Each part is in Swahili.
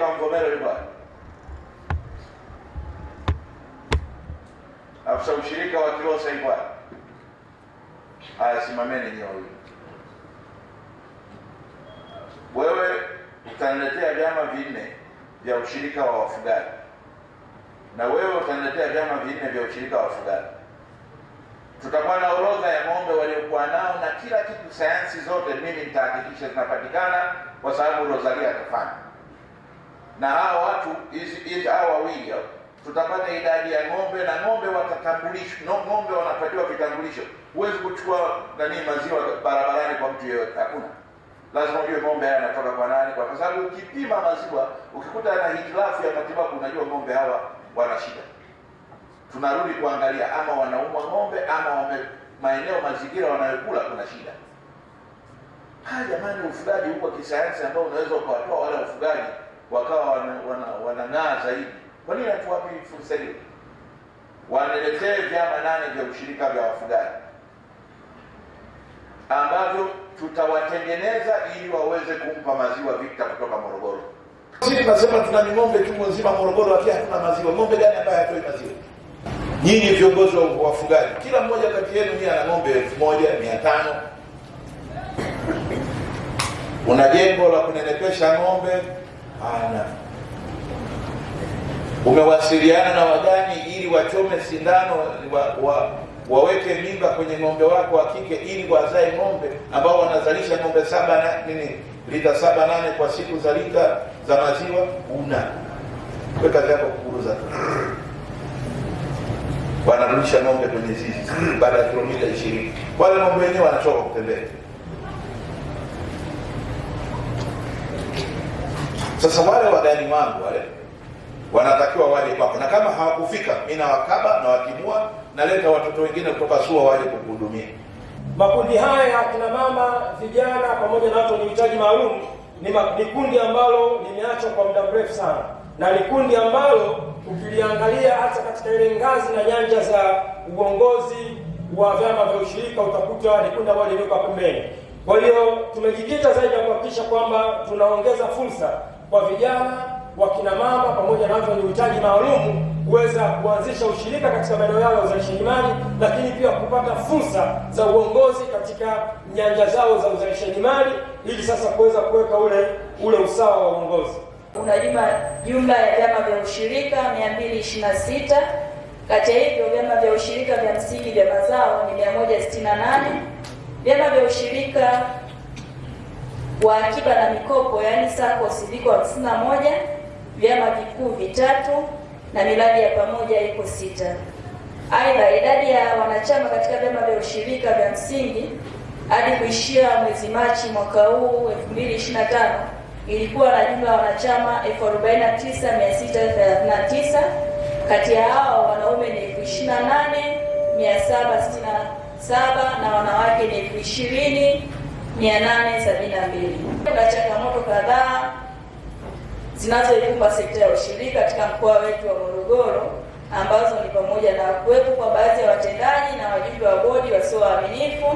kamgomera nyumbani. Afisa ushirika wa Kilosa Ikwai, haya simameni nyewe Wewe utaniletea vyama vinne vya ushirika wa wafugaji na wewe utaniletea vyama vinne vya ushirika wa wafugaji. Tutakuwa na orodha ya ng'ombe waliokuwa nao na kila kitu, sayansi zote mimi nitahakikisha zinapatikana, kwa sababu Rosalia atafanya na hawa watu hizi hawa wawili tutapata idadi ya ng'ombe na ng'ombe watatambulishwa no, ng'ombe wanapatiwa vitambulisho. Huwezi kuchukua nani maziwa barabarani kwa mtu yeyote, hakuna. Lazima ujue ng'ombe haya anatoka kwa nani, kwa sababu ukipima maziwa ukikuta na hitilafu ya matibabu, unajua ng'ombe hawa wana shida. Tunarudi kuangalia ama wanaumwa ng'ombe ama wame, maeneo mazingira wanayokula kuna shida. Haya jamani, ufugaji huko kisayansi ambao unaweza ukawatoa wale wafugaji wakawa wanang'aa wana, wana zaidi. Kwa nini hatuwapi fursa hiyo? Waneletee vyama nane vya ushirika vya wafugaji ambavyo tutawatengeneza ili waweze kumpa maziwa Victor kutoka Morogoro. Sisi tunasema tuna ng'ombe chungu nzima Morogoro, lakini hatuna maziwa. Ng'ombe gani ambaye hatoi maziwa? Nyinyi viongozi wa wafugaji, kila mmoja kati yenu mimi ana ng'ombe elfu moja mia tano una jengo la kunenepesha ng'ombe Hana. Umewasiliana na wagani ili wachome sindano wa, wa, waweke mimba kwenye ng'ombe wako wa kike ili wazae ng'ombe ambao wanazalisha ng'ombe saba na nini lita saba nane kwa siku za lita za maziwa una we kazi yako kukuruza wanarudisha ng'ombe kwenye zizi baada ya kilomita ishirini wale ng'ombe wenyewe wanachoka kutembea Sasa wale wadani wangu wale wanatakiwa waje kwako, na kama hawakufika mimi nawakaba na watimua, naleta watoto wengine kutoka SUA waje kukuhudumia. Makundi haya ya akina mama, vijana pamoja na watu wenye hitaji maalum ni kundi ambalo limeachwa kwa muda mrefu sana, na ni kundi ambalo ukiliangalia hata katika ile ngazi na nyanja za uongozi wa vyama vya ushirika utakuta ni kundi ambalo limewekwa pembeni. Kwa hiyo tumejikita zaidi ya kuhakikisha kwamba tunaongeza fursa kwa vijana, kina mama pamoja na watu wenye uhitaji maalum kuweza kuanzisha ushirika katika maeneo yao ya uzalishaji mali, lakini pia kupata fursa za uongozi katika nyanja zao za uzalishaji mali, ili sasa kuweza kuweka ule ule usawa wa uongozi. Unalima jumla ya vyama vya ushirika 226. Kati ya hivyo vyama vya ushirika vya msingi vya mazao ni 168, vyama vya ushirika wa akiba na mikopo yaani SACCOS viko hamsini moja, vyama vikuu vitatu na miradi ya pamoja iko sita. Aidha, idadi ya wanachama katika vyama vya ushirika vya msingi hadi kuishia mwezi Machi mwaka huu 2025 ilikuwa na jumla ya wanachama 49639 kati ya hao wanaume ni 28767 na wanawake ni 20000 872. Kuna changamoto kadhaa zinazoikumba sekta ya ushiriki katika mkoa wetu wa Morogoro ambazo ni pamoja na kuwepo kwa baadhi ya watendaji na wajumbe wa bodi wasio waaminifu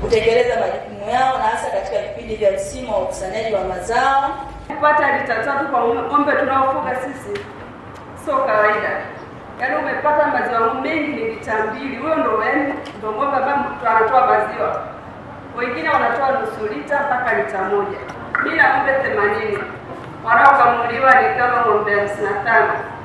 kutekeleza majukumu yao na hasa katika vipindi vya msimu wa ukusanyaji wa mazao. Kupata lita tatu kwa ng'ombe tunaofuga sisi sio kawaida, yaani umepata maziwa mengi ni lita mbili. Huyo ndo ng'ombe ambaye anatoa maziwa wengine wanatoa nusu lita mpaka lita moja na ng'ombe themanini wanaokamuliwa ni kama ng'ombe hamsini na tano